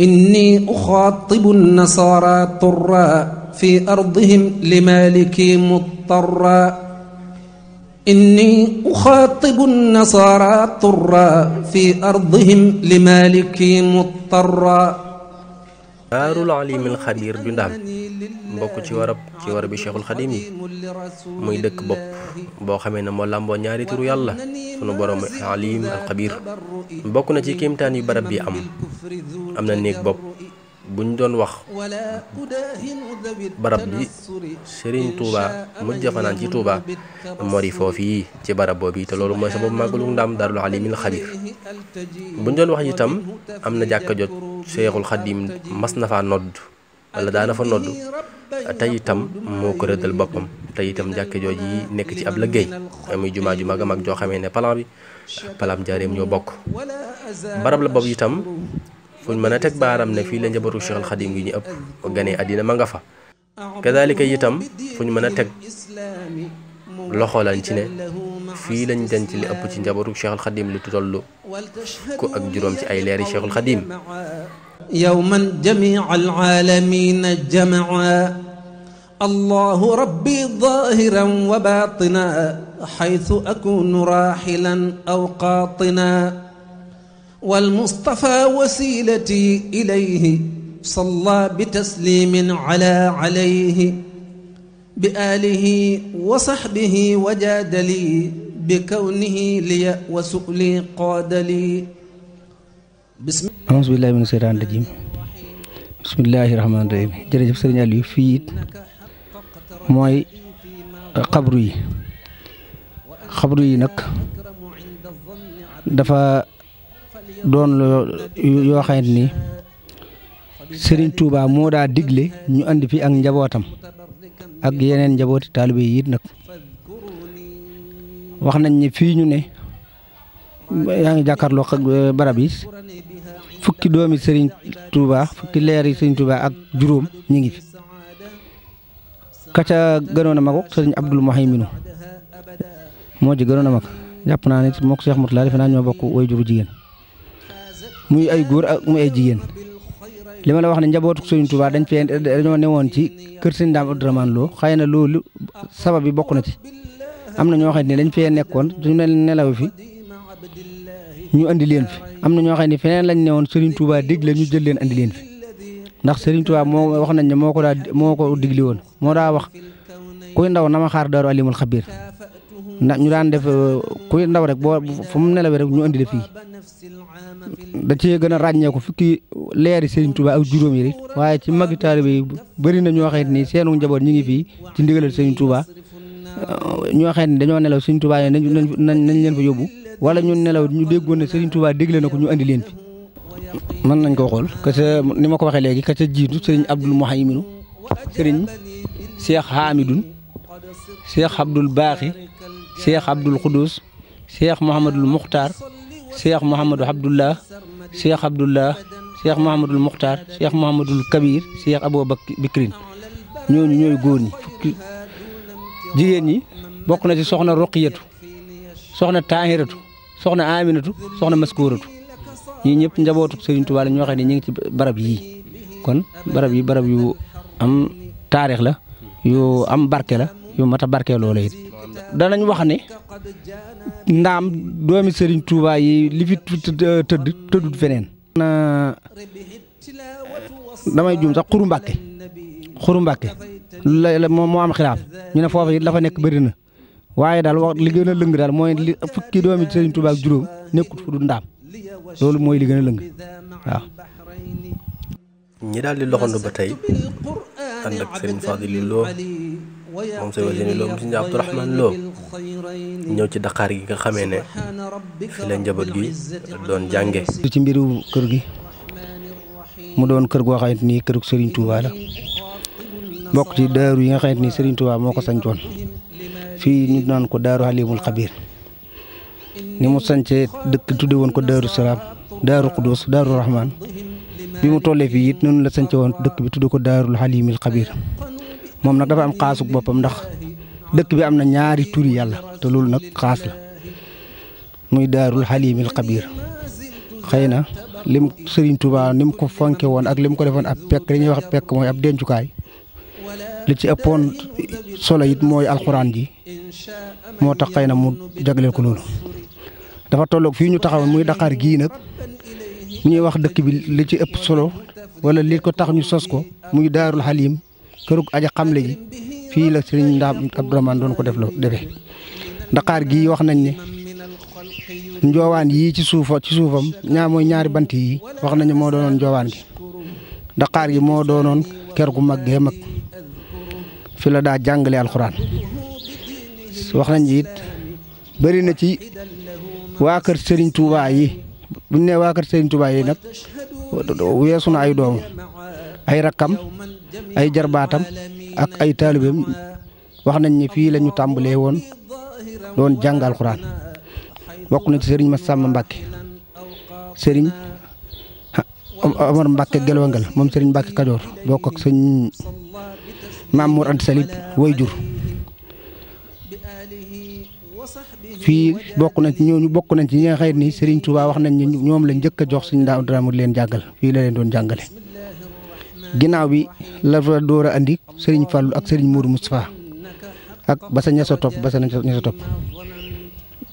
إني أخاطب النصارى طرا في أرضهم لمالكي مضطرا إني أخاطب النصارى طرا في أرضهم لمالكي مضطرا دار العليم الخبير دام بوكو تي ورب تي ورب الشيخ الخديمي موي دك بوب بو خامي مو لامبو نياري تورو يالا سونو بوروم العليم الخبير بوكو نتي تي كيمتان يو بي ام am na néeg bopp bu ñu doon barab mori foofu yi ci barab boobu yi te loolu mooy sababu màggalu ndaam Daarul Alimil Xabiir bu ñu doon wax itam am na jàkka jot Seexul Xadim mas na palam jaareem ñoo bokk barab la boobu itam. فن من أتاك بارام نفي لنجبرو شيخ الخديم ويني أب وغاني أدينا مانغفا كذلك يتم فن من أتاك لخو لانتين في لنجدن تلي أبو تنجبرو شيخ الخديم لتطلو كو أكجروم تي أيلياري شيخ الخديم يوما جميع العالمين جمعا الله ربي ظاهرا وباطنا حيث أكون راحلا أو قاطنا والمصطفى وسيلتي إليه صلى بتسليم على عليه بآله وصحبه وجادلي بكونه لي وسؤلي قادلي بسم أعوذ بالله من الشيطان الرجيم بسم الله الرحمن الرحيم جërëjëf sëriñ Aliou fii it mooy قبري yi xabru yi doon yoo xamante ni sëriñ Touba moo daa digle ñu andi fi ak njabootam ak yeneen njabooti taalibe yi it nag wax nañ ne fii ñu ne yaa ngi jàkkaarloo ak euh, yi fukki doomi Serigne Touba fukki leer yi Serigne Touba ak juróom ñu ngi fi kaca gënoon a mag Serigne Abdul Muhayminu moo ci gënoon a mag jàpp naa ne mook Cheikh Mourtala defe naa ñoo bokk way juru jigéen muy ay góor ak muy ay jigéen li ma la wax ne njabootu Sëriñ Tuubaa dañ fee dañoo newoon ci kër Sëriñ Daam Abdourahmane Lo xëy na loolu sabab bi bokk na ci am na ñoo xam ne dañ fee nekkoon suñu ne nelaw fi ñu andi leen fi am na ñoo xam ni feneen lañ newoon Sëriñ Tuubaa dig ñu jël leen andi leen fi ndax Sëriñ Tuubaa moo wax nañ ne moo ko daa moo ko digli woon moo daa wax kuy ndaw na ma xaar daaru alimul xabiir ndax ñu daan def uh, ku ndaw rek boo fu mu nelawee rek ñu andi la fii da cee gën a ràññeeku fukki leeri Serigne Touba ak juróom yi rek waaye ci magi taalibe yi bëri na ñoo xam ni seenu njaboot ñu ngi fii ci ndigalal Serigne Touba uh, ñoo xam ne dañoo nelaw Serigne Touba nañ nañ leen fa yóbbu wala ñu nelaw ñu déggoon ne Serigne Touba dégle na ko ñu andi leen fi. mën nañ ko xool que ca ni ma ko waxee léegi que ca jiitu Serigne Abdoul Mouhayminu Serigne Cheikh cheikh Abdul Baaxi cheikh Abdul Khoudous cheikh Mouhamadul Mukhtar cheikh Mouhamadou Abdullah cheikh Abdullah cheikh Mouhamadul Mukhtar cheikh Mouhamadul Kabir cheikh Abou Bikrin ñooñu ñooy góor ñi fukki jigéen ñi bokk na ci soxna Roqiyatu soxna Taahiratu soxna Aminatu soxna Maskuuratu ñii ñëpp njabootu Serigne Touba la ñoo xam ne ñu ngi ci barab yii kon barab yi barab yu am taarix la yu am barke la. yu mat a barkeeloo la it danañ wax ne ndaam doomi sëriñ tuubaa yi li fi tëdd tëddut feneen. damay juum sax xuru Mbàkke xuru Mbàkke la moo am xilaaf ñu ne foofu it la fa nekk bëri na waaye daal wax li gën lëng daal mooy li fukki doomi juróom nekkut ndaam loolu li gën a lëng waaw. ñi daal di loxandu ba tey ànd ak Serigne Fadilou Lo mom sey Wasini Lo moom sëñ Abdu Rahmaan Lo ñew ci Dakar gi nga xamé né fi la njabot gi doon jangé ci mbiru kër gi mu doon kër go xamante ni kër Serigne Touba la bok ci daaru yi nga xamante ni Serigne Touba moko ko fi fii ñu naan ko daaru Halimul khabir ni mu sancee dëkk tuddé won ko daaru salam daaru qudus daaru rahman bi mu tollé fi yit noonu la sance won dëkk bi tuddé ko daarul Halimul khabir moom nag dafa am xaasug boppam ndax dëkk bi am na ñaari turi yàlla te loolu nag xaas la muy daarul xaliimil xabiir xëy na lim sëriñ Touba ni mu ko fonke woon ak lim ko defoon ab pekk li ñuy wax pekk mooy ab dencukaay li ci ëppoon solo it mooy alxuraan ji moo tax xay na mu jagleel ko loolu. dafa tolloog fii ñu taxaw muy Dakar gii nag ñuy wax dëkk bi li ci ëpp solo wala li ko tax ñu sos ko muy daarul xaliim kërug aja xamle ji fii la sëriñ Ndaam Abdourahmane doon ko def loo defee Ndakaar gii wax nañ ne njoowaan yii ci suufa ci suufam ñaar ñaari bant yii wax nañu moo doonoon njoowaan gi Ndakaar gi moo doonoon ker gu mag gee mag fi la daa jàngale alxuraan wax nañ it bëri na ci waa kër sëriñ Touba yi buñ ne waa kër sëriñ Touba yi nag weesu na ay doomam ay rakkam ay jarbaatam ak ay taalibeem wax nañ ne fii lañu ñu tàmbalee woon doon jàng alxuraan bokk na ci sëriñ sàmm Mbacke sëriñ Omar Mbacke Gelwangal moom sëriñ Mbacke Kajoor bokk ak sëñ Mamour Anta Salib way jur fii bokk nañ ci ñooñu bokk nañ ci ñi nga xëy ni Serigne Touba wax nañ ne ñoom la njëkk a jox suñu daaw dara mu leen jàngal fii la leen doon jàngale. ginnaaw bi la fa door a andi Serigne Fallou ak Serigne Mourou Moustapha ak ba sa ña sa topp ba sa topp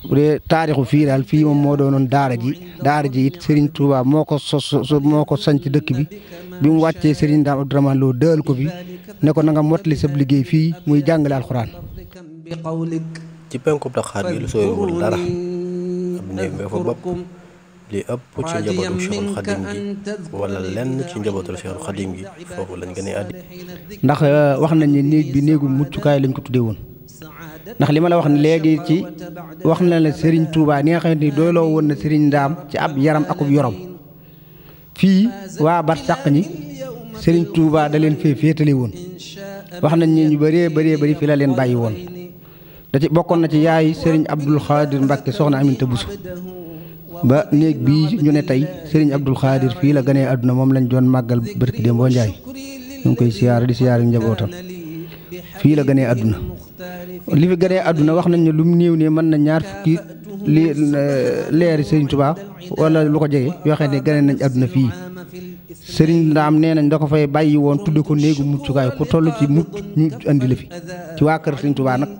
bu dee taarixu fii daal fii moom moo doonoon daara ji daara ji it Serigne Touba moo ko sos moo ko sanc dëkk bi bi mu wàccee Serigne Dame Abdourahmane ko fi ne ko na nga mottali sab liggéey fii muy jàngale alxuraan. ci penku taxaar li ëpp ci njabootu Cheikhul Khadim gi wala lenn ci njabootu Cheikhul Khadim gi foofu lañ gënee àddi. ndax wax nañ ne néeg bi néegu muccukaay lañ ko tuddee woon ndax li ma la wax ne léegi ci wax na la sëriñ tuubaa ni nga xamante ni doyloo woon na sëriñ Ndaam ci ab yaram akub yorom fii waa Barsàq ñi sëriñ Touba da leen fee féetale woon wax nañ ne ñu baree bëree bëri fi la leen bàyyi woon da ci bokkoon na ci yaay sëriñ Abdoul Khadir Mbacke soxna Aminta Bousso. ba néeg bii ñu ne tey sëriñ Abdul Xaadir fii la ganee àdduna moom lañ doon màggal barki démb boo njaay ñu ngi koy siyaar di siyaar njabootam fii la ganee àdduna li fi ganee àdduna wax nañ ne lu mu néew ne mën na ñaar fukki li leeri Serigne Touba wala lu ko jege yoo xam ganee nañ àdduna fii sëriñ Ndaam nee nañ da ko fay bàyyi woon tudd ko néegu muccukaay ku toll ci mucc ñu andi fi ci waa kër Serigne Touba nag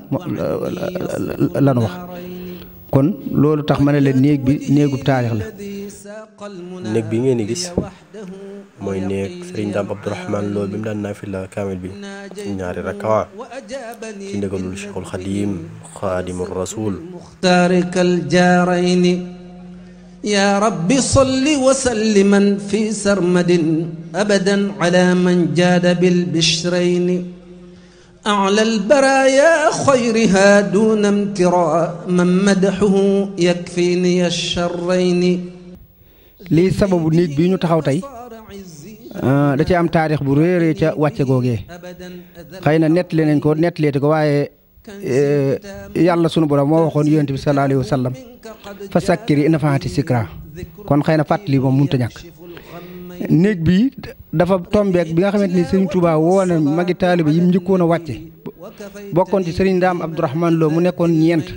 lan wax. kon lolu tax ma ne néeg bi neegu tarikh la néeg bi ngeen gis moy néeg serigne dam Abdourahman loolu bi mu daan naafila kaamil bi ñaari rakawa ci ndigalul Cheikhul khadim khadimur Rasul muxtaarikal jaarayni yaa rabbi salli wa salliman fi sarmadin abadan ala man jaada bil أعلى البرايا خيرها دون امتراء من مدحه يكفيني الشرين لي سبب نيت بي نيو تاي ا آه، داتي ام تاريخ بو ريري تا واتي غوغي خاينا نيت لي نكو نيت لي تكو واي آه، يالا سونو بورا مو وخون يونتي صلى الله عليه وسلم فسكري نفاتي سكرا كون خاينا فاتلي مو مونتا نياك néeg bi dafa tombeek bi nga xamante ni Serigne Touba woo na magi taaliba yi mu njëkkoon wàcce bokkoon ci Serigne Ndaam Abdourahmane Lo mu nekkoon ñeent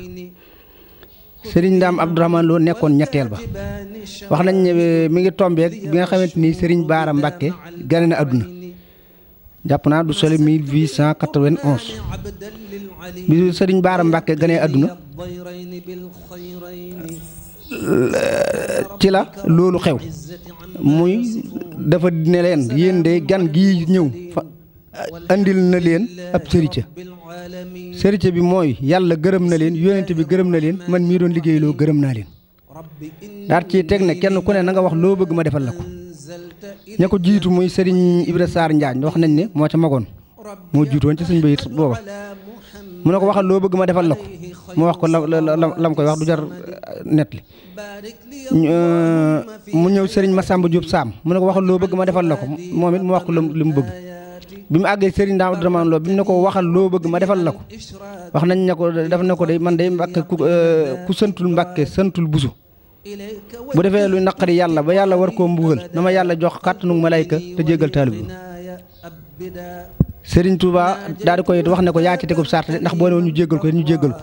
sëriñ ndam Abdourahmane Lo nekkoon ñetteel ba wax nañ ne eh, mi ngi tombeek bi nga xamante ni sëriñ Baara Mbacke gane na naa du sole 1891 bi Serigne Baara Mbacke ganee àdduna ci la loolu xew muy dafa ne leen yéen de gan gi ñëw fa andil na leen ab sërica sërica bi mooy yàlla gërëm na leen yonent bi gërëm na leen man mii doon liggéeyloo gërëm naa leen daal ci teg ne kenn ku ne na nga wax loo bëgg ma defal la ko ña ko jiitu muy sëriñ Ibra Sarr Njaañ wax nañ ne moo ca magoon moo jiitu woon ci suñ bayit booba mu ne ko waxal loo bëgg ma defal la ko mu wax ko la lam koy wax du jar uh, net li uh, mu ñëw sëriñ Massamba Diop Sam mu ne ko waxal loo bëgg ma defal la ko moom it mu wax ko li mu bëgg bi mu àggee sëriñ Ndaam Abdourahmane Lo bi mu ne ko waxal loo bëgg ma defal la ko wax nañ ne ko def na ko day man day mbàkke uh, ku santul mbàkke santul busu bu defee lu naqari yàlla ba yàlla war koo mbugal na ma yàlla jox kàttanu malayka te jéggal taalib bi Serigne Touba daal di koy wax ne ko yaa ci tegub sart ndax boo ne woon ñu jéggal ko ñu jéggal ko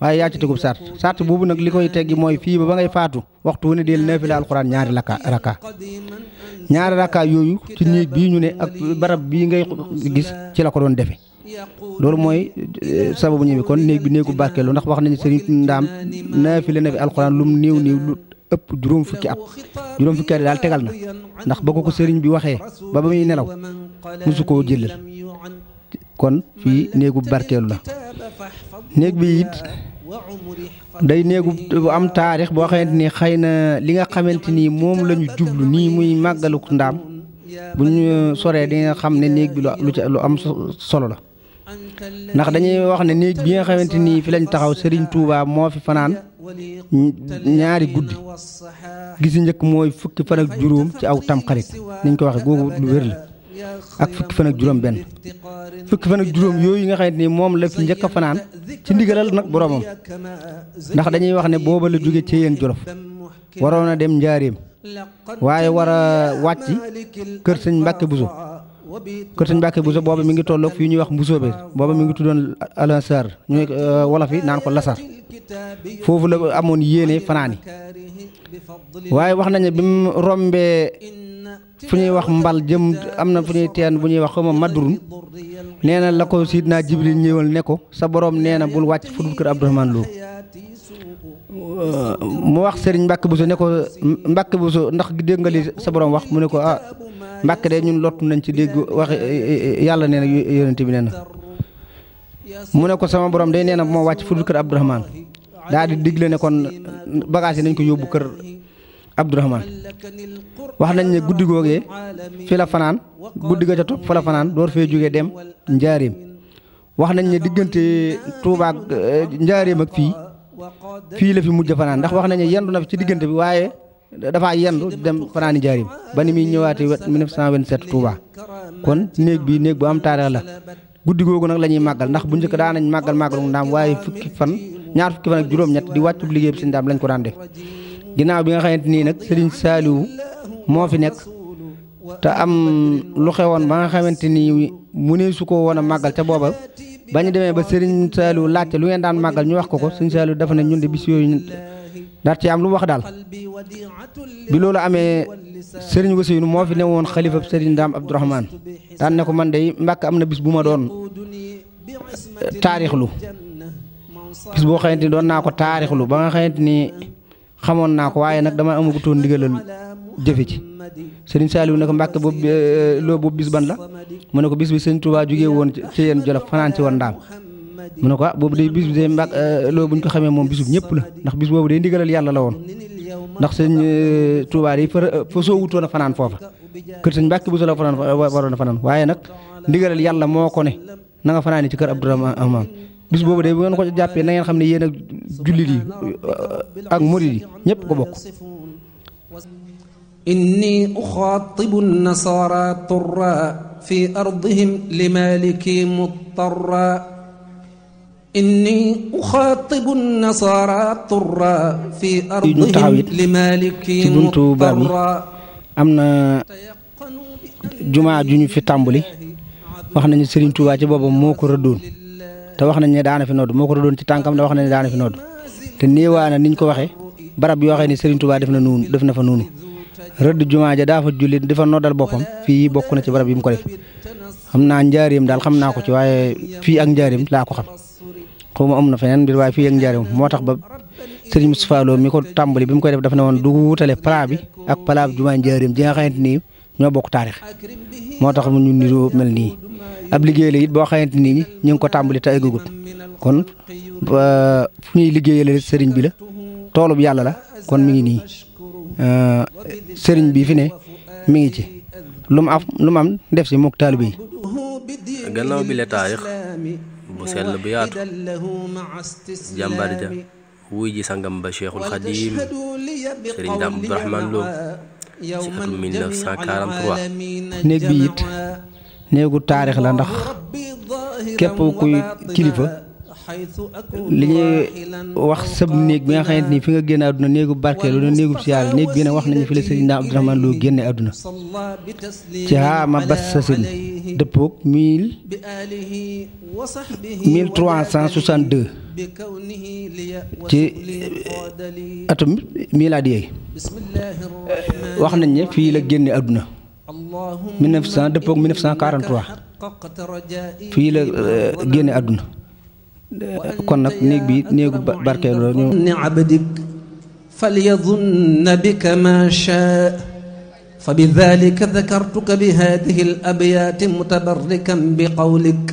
waaye yaa ci tegub sart sart boobu nag li koy teggi mooy fii ba ba ngay faatu waxtu wu ne deel naafila alxuraan ñaari rakka rakka ñaari rakka yooyu ci néeg bii ñu ne ak barab bii ngay gis ci la ko doon defe loolu mooy eh, sababu ñëw kon néeg bi néegu barkeelu ndax wax nañu Serigne Ndaam naafila na fi alxuraan mu néew néew lu ëpp juróom fukki at juróom fukki at daal ndax ba ko ko bi waxee mosu koo jëlal kon fii néegu barkeelu la néeg bi it day néegu am taarix boo xamante ni xay na li nga xamante ni moom lañu jublu nii muy màggalu ndaam bu soree di nga xam ne néeg lu am solo la ndax dañuy wax ne néeg bi nga xamante ni fi lañ taxaw sëriñ Touba moo fi fanaan ñaari guddi gisi njëkk mooy fukki fan juróom ci aw tamxarit niñ ko waxe googu lu wér la ak fukki fan ak juróom benn fukki fan ak juróom yooyu nga xamante ni moom la fi njëkk a fanaan ci ndigalal nag boroomam ndax dañuy wax ne booba la jóge ci yéen jolof waroon a dem njaareem waaye war a wàcc kër sëñ Mbàkke Buso kër sëñ Mbàkke Buso booba mi ngi tolloog fii ñuy wax Mbusoobe booba mi ngi tuddoon Alansar ñuy euh, wolof yi naan ko Lasar foofu la amoon yéene fanaan yi waaye wax nañu bi mu rombee fu ñuy wax mbal jëm am na fu ñuy teen bu ñuy wax xama madrun nee na la ko sidna jibril ñëwal ne ko sa borom nee na bul wàcc fu dul kër abdourahman loo mu wax sëriñ bu buso ne ko bu buso ndax dégg sa boroom wax mu ne ko ah mbàkke de ñun lottu nañ ci dégg wax yàlla nee na yonente bi nee na mu ne ko sama borom day nee na moo wàcc fu dul kër abdourahman daal di digle ne kon bagage yi nañ ko yóbbu kër Abdourahman wax nañ ne guddi googee fi la fanaan guddi ga ca topp la fanaan door fee jógee dem njaareem wax nañ ne diggante Touba ak eh, njaareem ak fii fii la fi mujj fanaan ndax wax nañ ne yendu na ci diggante bi waaye dafaa yendu dem fanaani njaareem ba ni muy ñëwaatee 1927 Touba kon néeg bi néeg boo am taarix la guddi googu nag la ñuy màggal ndax bu njëkk daan nañ màggal màggalu ndaam waaye fukki fan ñaar fukki fan ak juróom-ñett si ndaam lañ ko daan ginnaaw bi nga xamante nii nag sëriñ Saaliwu moo fi nekk te am lu xewoon ba nga xamante ni mu ne su ko woon a ca booba ba ñu demee ba sëriñ Saaliwu laajte lu ngeen daan màggal ñu wax ko ko sëriñ Saaliwu dafa ne ñun di bis yooyu ndax ci am lu mu wax daal bi loolu amee sëriñ Wasiynu moo fi ne woon xalifa sëriñ Daam Abdourahmane daan ne ko man dey Mbàkke am na bis bu ma doon taarixlu bis boo xamante ni doon naa ko taarixlu ba nga xamante ni xamoon naa ko waaye nag dama amagutoon ndigalal jëfe ci sëriñ Saaliw ne ko Mbàkke boobu eh, eh, loo boobu bis ban la mu ne ko bis bi sëñ Tuubaa jógee woon ci yéen Jolof fanaan ci woon ndaam mu ne ko ah boobu day bis bi day mbàkk eh, loolu bu ñu ko xamee moom bisub ñëpp la ndax bis boobu day ndigalal yàlla la woon ndax sëñ Tuubaa day fa fa soo wutoon a fanaan foofa kër sëñ Mbàkke bu soo la fanaan waroon a fanaan waaye nag ndigalal yàlla moo ko ne na nga fanaani ci kër Abdourahmane bis bobu de bu ngeen ko jappé na ngeen xamné yéen ak julit yi ak murid yi ñépp ko bokk inni an-nasara turra fi ardihim limaliki muttarra inni an-nasara turra fi ardihim limaliki muttarra amna buntu baab jumaa ju fi tàmbali wax nañu serigne touba ci boppam moko ko te wax nañ ne daana fi nodd moo ko doon ci tànkam da wax nañ ne daana fi nodd te néewaana niñ ko waxee barab yoo xam ne Serigne Touba def na nuunu def na fa nuunu rëdd jumaa ja daa fa jullit di fa noddal boppam fii bokk na ci barab yi mu ko def xam naa njaareem daal xam naa ko ci waaye fii ak njaareem laa ko xam xaw ma am na feneen mbir waaye fii ak njaareem moo tax ba Serigne Moustapha Lo mi ko tàmbali bi mu koy def dafa ne woon du wutale pala bi ak pala bi jumaa njaareem ji nga ñoo bokk taarix moo tax ñu niroo mel nii ab liggéey la boo xamante ni ñu ngi ko tàmbali te eggagut kon fu ñuy liggéeyale sëriñ bi la toolub yàlla la kon mi ngi nii euh, sëriñ bi fi ne mi ngi ci lu mu am lu mu am def si mook taalibe yi gannaaw bi la taarix bu sell bu yaatu jàmbaar wuy ji sangam ba Cheikhul Xadim sëriñ Daam Abdourahmane Lo atum 1943 néeg bi it néegu taarix la ndax képp kuy kilifa li ñuy wax sëb néeg bi nga xamante ni fi nga génn àdduna néegu barkeelu na néegu siyaar néeg bi ne wax nañu fi la sëriñ Ndaam Abdourahmane Lo génne àdduna ci xaama bassasin dëppoog mille mille trois cent soixante deux ci yeey wax nañ ne fii la génne àdduna 1900 dëppoog 1943 fii la euh, génne àdduna كنا نيك بي نيك باركي عبدك فليظن بك ما شاء فبذلك ذكرتك بهذه الابيات متبركا بقولك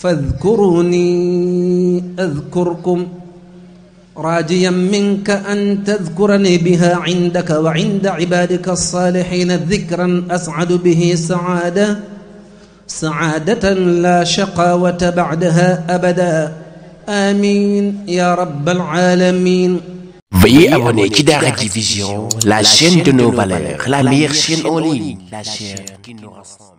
فاذكروني اذكركم راجيا منك ان تذكرني بها عندك وعند عبادك الصالحين ذكرا اسعد به سعاده سعادة لا شقاوة بعدها أبدا آمين يا رب العالمين Veuillez abonner Kidara Division, la chaîne de nos valeurs, la meilleure chaîne en ligne, la chaîne qui nous rassemble.